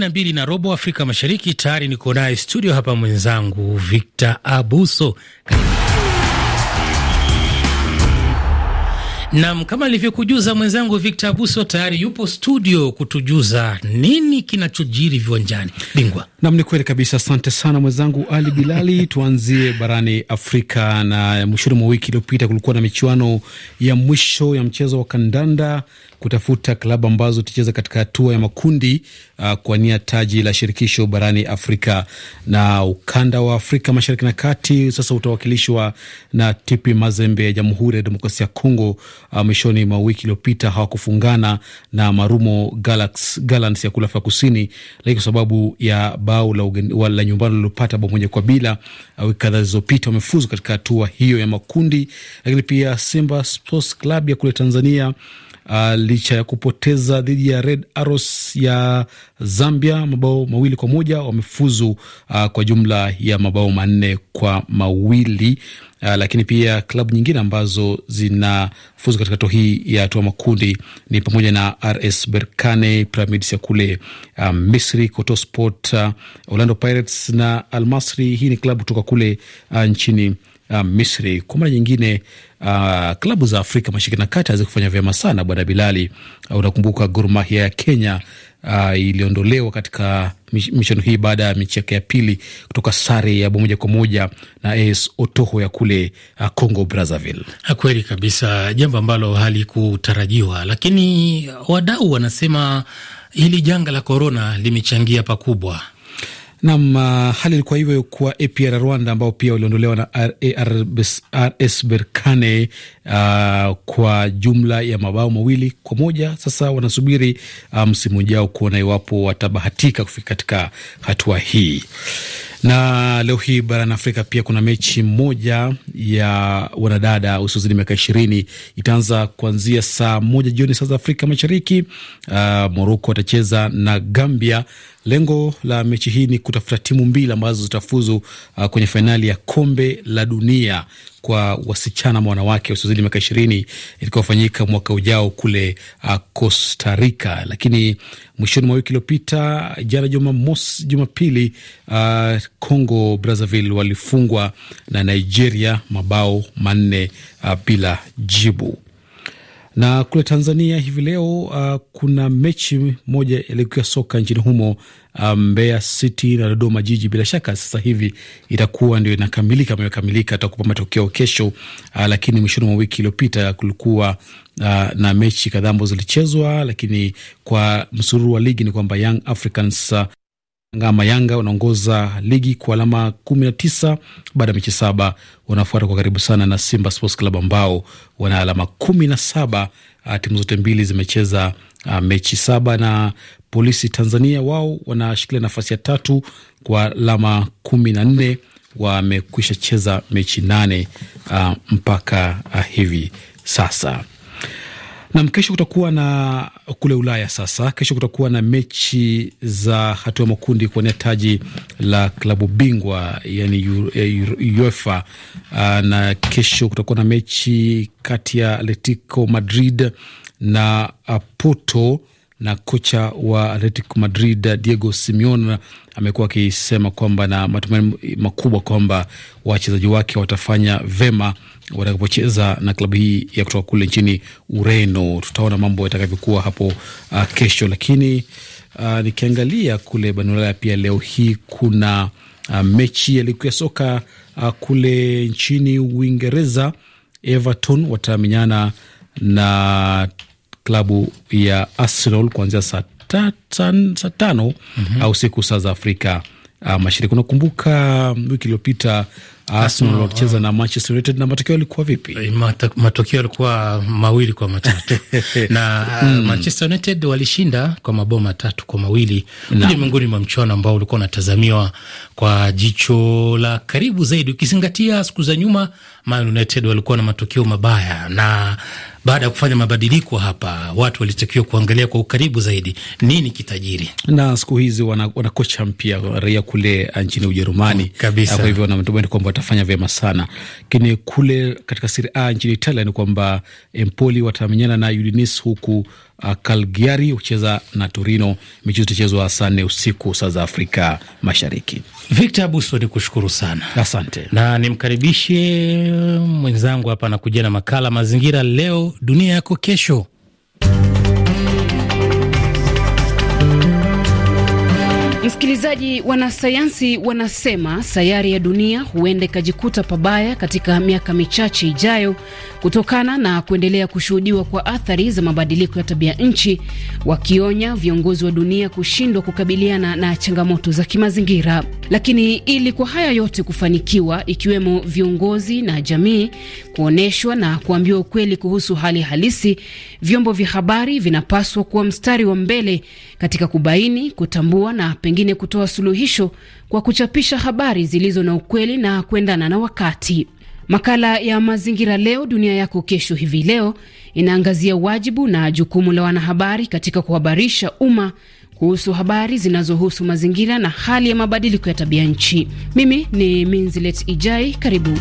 na mbili na robo Afrika Mashariki. Tayari niko naye studio hapa mwenzangu Victor Abuso. Nam, kama alivyokujuza mwenzangu Victor Abuso, tayari yupo studio kutujuza nini kinachojiri viwanjani. Bingwa Nam, ni kweli kabisa. Asante sana mwenzangu Ali Bilali. Tuanzie barani Afrika na mwishoni mwa wiki iliyopita kulikuwa na michuano ya mwisho ya mchezo wa kandanda kutafuta klabu ambazo tucheza katika hatua ya makundi uh, kuwania taji la shirikisho barani Afrika na ukanda wa Afrika mashariki na kati sasa utawakilishwa na TP Mazembe ya Jamhuri ya Demokrasia ya Kongo. Uh, mwishoni mwa wiki iliyopita hawakufungana na Marumo Galaxy, ya kule Afrika Kusini, lakini kwa sababu ya bao la, ugen, la nyumbani lilopata bao moja kwa bila uh, wiki kadhaa zilizopita, wamefuzu katika hatua hiyo ya makundi. Lakini pia Simba Sports Club ya kule Tanzania uh, licha ya kupoteza dhidi ya Red Arrows ya Zambia mabao mawili kwa moja wamefuzu uh, kwa jumla ya mabao manne kwa mawili. Uh, lakini pia klabu nyingine ambazo zinafuzu katika hatua hii ya hatua makundi ni pamoja na RS Berkane, Pyramids ya kule uh, Misri, Kotosport, uh, Orlando Pirates na Almasri. Hii ni klabu kutoka kule uh, nchini uh, Misri. Kwa mara nyingine uh, klabu za Afrika Mashariki na Kati hazikufanya vyema sana, bwana Bilali. Uh, unakumbuka Gor Mahia ya Kenya uh, iliondolewa katika michuano hii baada ya mechi yake ya pili kutoka sare ya bao moja kwa moja na AS Otoho ya kule uh, Congo Brazzaville. Kweli kabisa, jambo ambalo halikutarajiwa, lakini wadau wanasema hili janga la korona limechangia pakubwa Nam uh, hali ilikuwa hivyo kwa APR Rwanda ambao pia waliondolewa na RS Berkane uh, kwa jumla ya mabao mawili kwa moja. Sasa wanasubiri uh, msimu um, ujao kuona iwapo watabahatika kufika katika hatua hii. Na leo hii barani Afrika pia kuna mechi moja ya wanadada usiozidi miaka ishirini itaanza kuanzia saa moja jioni saa za Afrika Mashariki. Uh, Moroko watacheza na Gambia Lengo la mechi hii ni kutafuta timu mbili ambazo zitafuzu uh, kwenye fainali ya kombe la dunia kwa wasichana ma wanawake wasiozidi miaka ishirini itakaofanyika mwaka ujao kule uh, Costa Rica. Lakini mwishoni mwa wiki iliyopita, jana Jumapili, uh, Congo Brazzaville walifungwa na Nigeria mabao manne uh, bila jibu. Na kule Tanzania hivi leo uh, kuna mechi moja ilikuwa soka nchini humo um, Mbeya um, City na Dodoma Jiji. Bila shaka sasa hivi itakuwa ndio inakamilika, imekamilika, atakupa matokeo kesho. Uh, lakini mwishoni mwa wiki iliyopita kulikuwa uh, na mechi kadhaa ambazo zilichezwa, lakini kwa msururu wa ligi ni kwamba Young Africans uh, Ngama Yanga wanaongoza ligi kwa alama 19 baada ya mechi saba. Wanafuata kwa karibu sana na Simba Sports Club ambao wana alama 17. Ah, timu zote mbili zimecheza a, ah, mechi saba, na Polisi Tanzania wao wanashikilia nafasi ya tatu kwa alama 14. Wamekwisha cheza mechi nane a, ah, mpaka a, hivi sasa. Nam, kesho kutakuwa na kule Ulaya. Sasa kesho kutakuwa na mechi za hatua makundi kuwania taji la klabu bingwa yani eh, UEFA. Ah, na kesho kutakuwa na mechi kati ya Atletico Madrid na Porto na kocha wa Atletico Madrid Diego Simeone amekuwa akisema kwamba na matumaini makubwa kwamba wachezaji wake watafanya vema watakapocheza na klabu hii ya kutoka kule nchini Ureno. Tutaona mambo yatakavyokuwa hapo uh, kesho. Lakini uh, nikiangalia kule barani Ulaya pia leo hii kuna uh, mechi ya ligi ya soka uh, kule nchini Uingereza. Everton watamenyana na klabu ya Arsenal kuanzia saa tano mm -hmm. au siku saa za Afrika uh, Mashariki. Unakumbuka um, wiki iliyopita Arsenal uh, walicheza uh, na Manchester United na matokeo yalikuwa vipi? Eh, matokeo yalikuwa mawili kwa matatu na mm. Manchester United walishinda kwa mabao matatu kwa mawili miongoni mwa mchuano ambao ulikuwa unatazamiwa kwa jicho la karibu zaidi, ukizingatia siku za nyuma Man United walikuwa na matokeo mabaya na baada ya kufanya mabadiliko hapa, watu walitakiwa kuangalia kwa ukaribu zaidi nini kitajiri, na siku hizi wana, wana kocha mpya raia kule ah, nchini Ujerumani oh, kabisa. Kwa hivyo wanatumaini kwamba watafanya vyema sana, lakini kule katika Serie A nchini Italia ni kwamba Empoli watamenyana na Udinese huku uh, Cagliari hucheza na Torino. Michezo itachezwa saa nne usiku saa za Afrika Mashariki. Victor Abuso, ni kushukuru sana, asante. Na nimkaribishe mwenzangu hapa anakuja na makala mazingira, leo dunia yako kesho. Msikilizaji, wanasayansi wanasema sayari ya dunia huenda ikajikuta pabaya katika miaka michache ijayo kutokana na kuendelea kushuhudiwa kwa athari za mabadiliko ya tabia nchi, wakionya viongozi wa dunia kushindwa kukabiliana na changamoto za kimazingira. Lakini ili kwa haya yote kufanikiwa, ikiwemo viongozi na jamii kuonyeshwa na kuambiwa ukweli kuhusu hali halisi, vyombo vya habari vinapaswa kuwa mstari wa mbele katika kubaini, kutambua na pengine wengine kutoa suluhisho kwa kuchapisha habari zilizo na ukweli na kuendana na wakati. Makala ya Mazingira Leo Dunia Yako Kesho hivi leo inaangazia wajibu na jukumu la wanahabari katika kuhabarisha umma kuhusu habari zinazohusu mazingira na hali ya mabadiliko ya tabia nchi. Mimi ni Minzilet Ijai, karibu.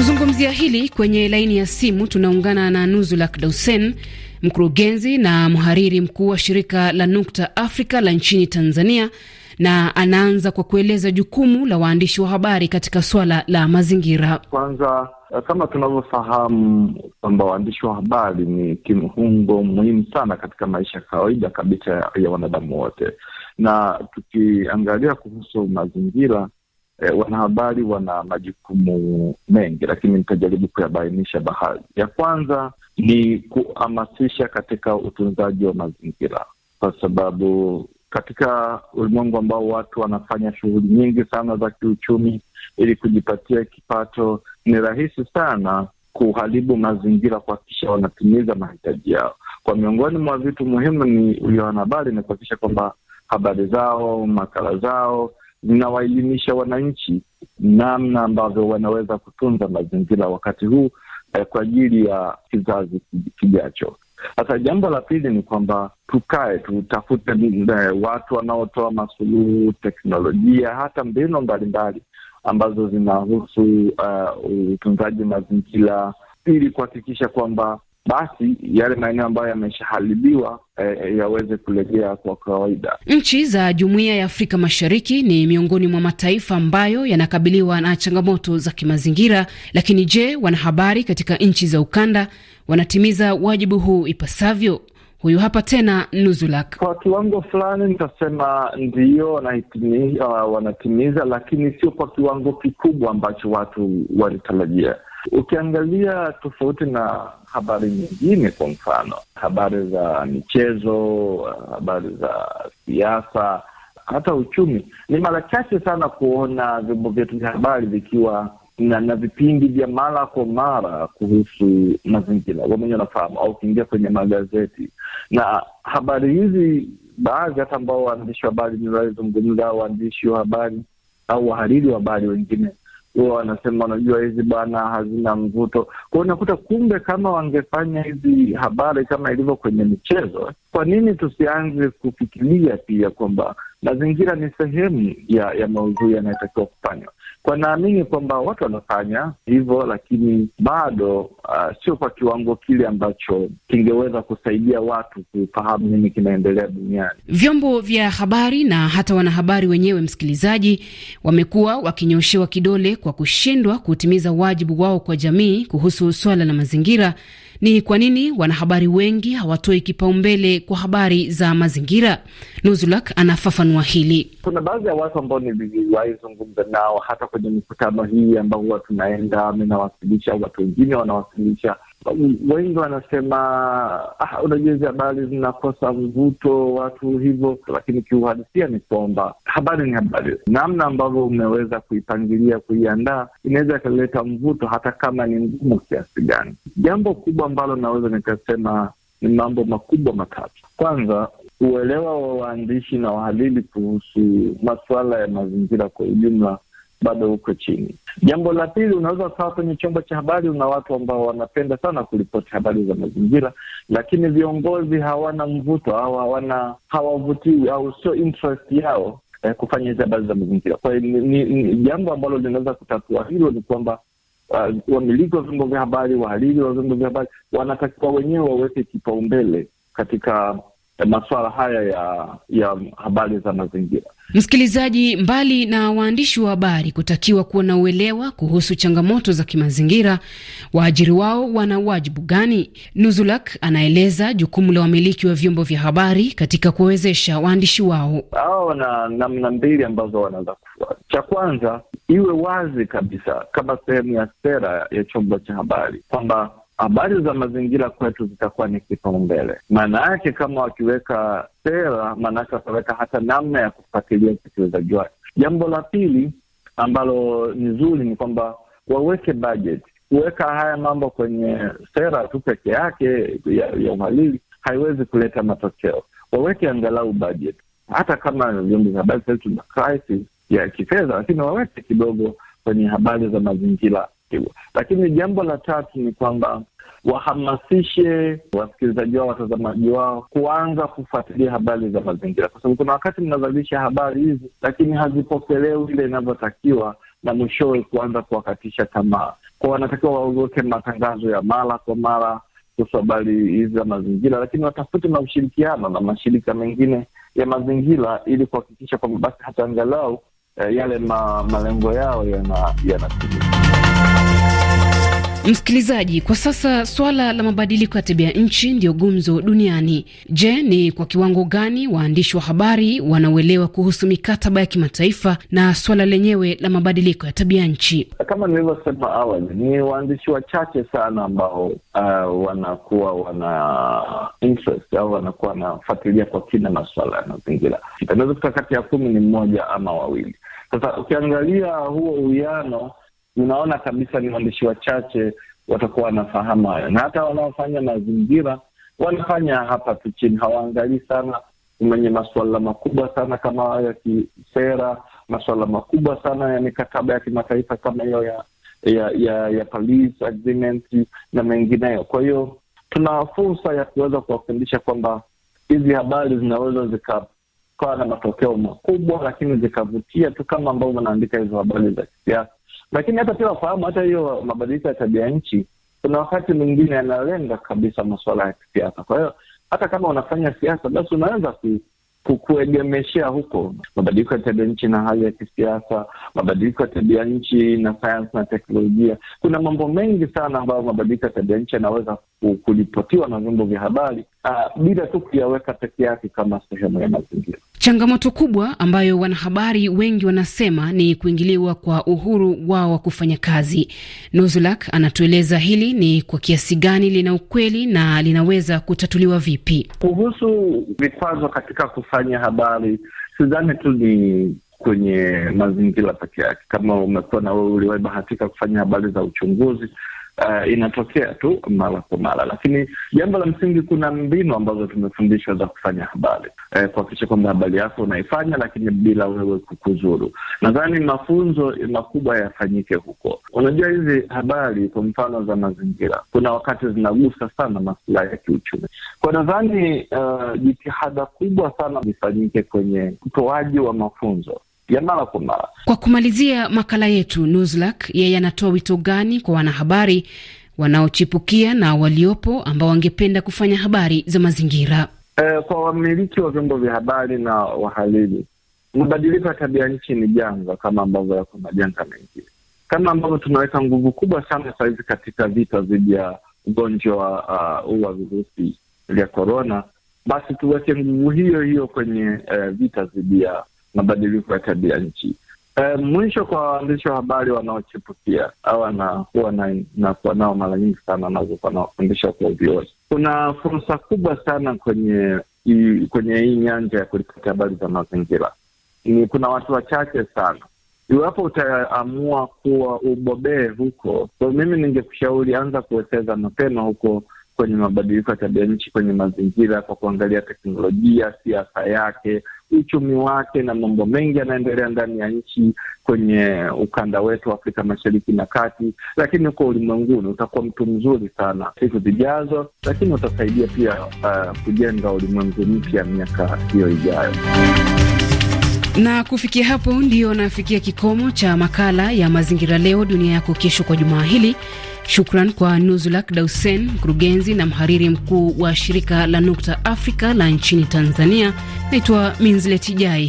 Kuzungumzia hili kwenye laini ya simu tunaungana na Nuzula Dausen, mkurugenzi na mhariri mkuu wa shirika la Nukta afrika la nchini Tanzania, na anaanza kwa kueleza jukumu la waandishi wa habari katika swala la mazingira. Kwanza, eh, kama tunavyofahamu kwamba waandishi wa habari ni kiungo muhimu sana katika maisha ya kawaida kabisa ya wanadamu wote, na tukiangalia kuhusu mazingira E, wanahabari wana majukumu mengi, lakini nitajaribu kuyabainisha baadhi. Ya kwanza ni kuhamasisha katika utunzaji wa mazingira, kwa sababu katika ulimwengu ambao watu wanafanya shughuli nyingi sana za kiuchumi ili kujipatia kipato, ni rahisi sana kuharibu mazingira kuhakikisha wanatimiza mahitaji yao. Kwa miongoni mwa vitu muhimu ni ulio wanahabari ni kuhakikisha kwamba habari zao, makala zao ninawaelimisha wananchi namna ambavyo wanaweza kutunza mazingira wakati huu eh, kwa ajili ya kizazi kijacho. Sasa jambo la pili ni kwamba tukae tutafute eh, watu wanaotoa masuluhu, teknolojia, hata mbinu mbalimbali ambazo zinahusu eh, utunzaji mazingira ili kuhakikisha kwamba basi yale maeneo ambayo yameshaharibiwa e, yaweze kulegea kwa kawaida. Nchi za Jumuiya ya Afrika Mashariki ni miongoni mwa mataifa ambayo yanakabiliwa na changamoto za kimazingira, lakini je, wanahabari katika nchi za ukanda wanatimiza wajibu huu ipasavyo? Huyu hapa tena Nuzulak. Kwa kiwango fulani nitasema ndiyo, uh, wanatimiza, lakini sio kwa kiwango kikubwa ambacho watu walitarajia. Ukiangalia tofauti na habari nyingine, kwa mfano habari za michezo, habari za siasa, hata uchumi, ni mara chache sana kuona vyombo vyetu vya habari vikiwa na, na vipindi vya mara kwa mara kuhusu mazingira. Wewe mwenyewe unafahamu, au ukiingia kwenye magazeti na habari hizi, baadhi hata ambao waandishi wa habari nilizungumza, waandishi wa habari au wahariri wa habari wengine huwa wanasema unajua, hizi bwana hazina mvuto kwao. Unakuta kumbe kama wangefanya hizi habari kama ilivyo kwenye michezo kwa nini tusianze kufikiria pia kwamba mazingira ni sehemu ya ya maudhui yanayotakiwa kufanywa? Kwa naamini kwamba watu wanafanya hivyo, lakini bado uh, sio kwa kiwango kile ambacho kingeweza kusaidia watu kufahamu nini kinaendelea duniani. Vyombo vya habari na hata wanahabari wenyewe, msikilizaji, wamekuwa wakinyoshewa kidole kwa kushindwa kutimiza wajibu wao kwa jamii kuhusu swala la mazingira ni kwa nini wanahabari wengi hawatoi kipaumbele kwa habari za mazingira. Nuzulak anafafanua hili. Kuna baadhi ya watu ambao niliwahi zungumza nao hata kwenye mikutano hii ambao huwa tunaenda, mi nawasilisha, watu wengine wanawasilisha wengi wanasema ah, unajua hizi habari zinakosa mvuto watu hivyo, lakini kiuhalisia ni kwamba habari ni habari. Namna ambavyo umeweza kuipangilia, kuiandaa, inaweza ikaleta mvuto hata kama ni ngumu kiasi gani. Jambo kubwa ambalo naweza nikasema ni mambo makubwa matatu. Kwanza, uelewa wa waandishi na wahalili kuhusu masuala ya mazingira kwa ujumla bado uko chini. Jambo la pili, unaweza ukawa kwenye chombo cha habari, una watu ambao wanapenda sana kuripoti habari za mazingira, lakini viongozi hawana mvuto, hawana hawavutii au sio interest yao eh, kufanya hizi habari za mazingira. Kwa hiyo ni, ni jambo ambalo linaweza kutatua hilo ni kwamba uh, wamiliki wa vyombo vya habari, wahariri wa vyombo vya habari wanatakiwa wenyewe waweke kipaumbele katika Eh, masuala haya ya, ya habari za mazingira. Msikilizaji, mbali na waandishi wa habari kutakiwa kuwa na uelewa kuhusu changamoto za kimazingira, waajiri wao wana wajibu gani? Nuzulak anaeleza jukumu la wamiliki wa vyombo vya habari katika kuwawezesha waandishi wao. Hawa wana namna mbili ambazo wanaweza kufuata. Cha kwanza, iwe wazi kabisa kama sehemu ya sera ya chombo cha habari kwamba habari za mazingira kwetu zitakuwa ni kipaumbele. Maana yake kama wakiweka sera, maanaake wataweka hata namna ya kufuatilia utekelezaji wake. Jambo la pili ambalo ni zuri ni kwamba waweke budget. Kuweka haya mambo kwenye sera tu peke yake ya, ya uhalili haiwezi kuleta matokeo. Waweke angalau budget, hata kama vyombo vya habari sasa tuna crisis ya kifedha, lakini waweke kidogo kwenye habari za mazingira. Lakini jambo la tatu ni kwamba wahamasishe wasikilizaji wao, watazamaji wao kuanza kufuatilia habari za mazingira, kwa sababu kuna wakati mnazalisha habari hizi lakini hazipokelewi ile inavyotakiwa, na mwishowe kuanza kuwakatisha tamaa. Kwa wanatakiwa waogoke matangazo ya mara kwa mara kuhusu habari hizi za mazingira, lakini watafute na ushirikiano na mashirika mengine ya mazingira ili kuhakikisha kwamba basi hata angalau eh, yale ma, malengo yao yanatimia yana Msikilizaji, kwa sasa swala la mabadiliko ya tabia nchi ndiyo gumzo duniani. Je, ni kwa kiwango gani waandishi wa habari wanauelewa kuhusu mikataba ya kimataifa na swala lenyewe la mabadiliko ya tabia nchi? Kama nilivyosema awali, ni waandishi wachache sana ambao uh, wanakuwa wana interest au wanakuwa wanafuatilia kwa kina maswala ya mazingira. Inaweza kuta kati ya kumi ni mmoja ama wawili. Sasa ukiangalia huo uwiano unaona kabisa ni waandishi wachache watakuwa wanafahamu hayo, na hata wanaofanya mazingira wanafanya hapa tu chini, hawaangalii sana mwenye masuala makubwa sana kama hayo ya kisera, masuala makubwa sana ya mikataba ya kimataifa kama hiyo ya ya ya, ya Paris Agreement na mengineyo. Kwa hiyo tuna fursa ya kuweza kuwafundisha kwamba hizi habari zinaweza zikakawa na matokeo makubwa, lakini zikavutia tu kama ambao wanaandika hizo habari za kisiasa lakini hata pia wafahamu hata hiyo mabadiliko ya tabia nchi, kuna wakati mwingine yanalenga kabisa masuala ya kisiasa. Kwa hiyo hata kama unafanya siasa, basi unaweza kukuegemeshea huko mabadiliko ya tabia nchi na hali ya kisiasa, mabadiliko ya tabia nchi na sayansi na teknolojia. Kuna mambo mengi sana ambayo mabadiliko ya tabia nchi yanaweza kuripotiwa na vyombo vya habari ah, bila tu kuyaweka peke yake kama sehemu ya mazingira. Changamoto kubwa ambayo wanahabari wengi wanasema ni kuingiliwa kwa uhuru wao wa kufanya kazi. Nuzulak anatueleza hili ni kwa kiasi gani lina ukweli na linaweza kutatuliwa vipi. Kuhusu vikwazo katika kufanya habari, sidhani tu ni kwenye mazingira peke yake. Kama umekuwa na wewe uliwahi bahatika kufanya habari za uchunguzi uh, inatokea tu mara kwa mara, lakini jambo la msingi, kuna mbinu ambazo tumefundishwa za kufanya habari eh, kuhakikisha kwamba habari yako unaifanya, lakini bila wewe kukuzuru. Nadhani mafunzo makubwa yafanyike huko. Unajua, hizi habari kwa mfano za mazingira, kuna wakati zinagusa sana masilahi ya kiuchumi. Kwa nadhani uh, jitihada kubwa sana zifanyike kwenye utoaji wa mafunzo ya mara kwa mara. Kwa kumalizia makala yetu, Nuzlak yeye anatoa wito gani kwa wanahabari wanaochipukia na waliopo ambao wangependa kufanya habari za mazingira? Eh, kwa wamiliki wa vyombo vya habari na wahalili, mabadiliko ya tabia nchi ni janga kama ambavyo yako majanga mengine, kama ambavyo tunaweka nguvu kubwa sana sahizi katika vita dhidi ya ugonjwa uh, huu uh, wa virusi vya korona, basi tuweke nguvu hiyo hiyo kwenye uh, vita dhidi ya mabadiliko ya tabia nchi. E, mwisho kwa waandishi wa habari wanaochipukia au na, nakuwa nao mara nyingi sana wanazokuwa nawafundisha kwa viongozi, kuna fursa kubwa sana kwenye i, kwenye hii nyanja ya kuripoti habari za mazingira. ni Kuna watu wachache sana iwapo utaamua kuwa ubobee huko, so mimi ningekushauri anza kuwekeza mapema huko kwenye mabadiliko ya tabia nchi, kwenye mazingira, kwa kuangalia teknolojia, siasa yake, uchumi wake na mambo mengi yanaendelea ndani ya nchi kwenye ukanda wetu wa Afrika Mashariki na Kati, lakini huko ulimwenguni. Utakuwa mtu mzuri sana siku zijazo, lakini utasaidia pia uh, kujenga ulimwengu mpya miaka hiyo ijayo. Na kufikia hapo ndio nafikia kikomo cha makala ya mazingira leo dunia yako kesho kwa jumaa hili. Shukran kwa Nuzulak Dausen, mkurugenzi na mhariri mkuu wa shirika la Nukta Afrika la nchini Tanzania. Naitwa minzletijai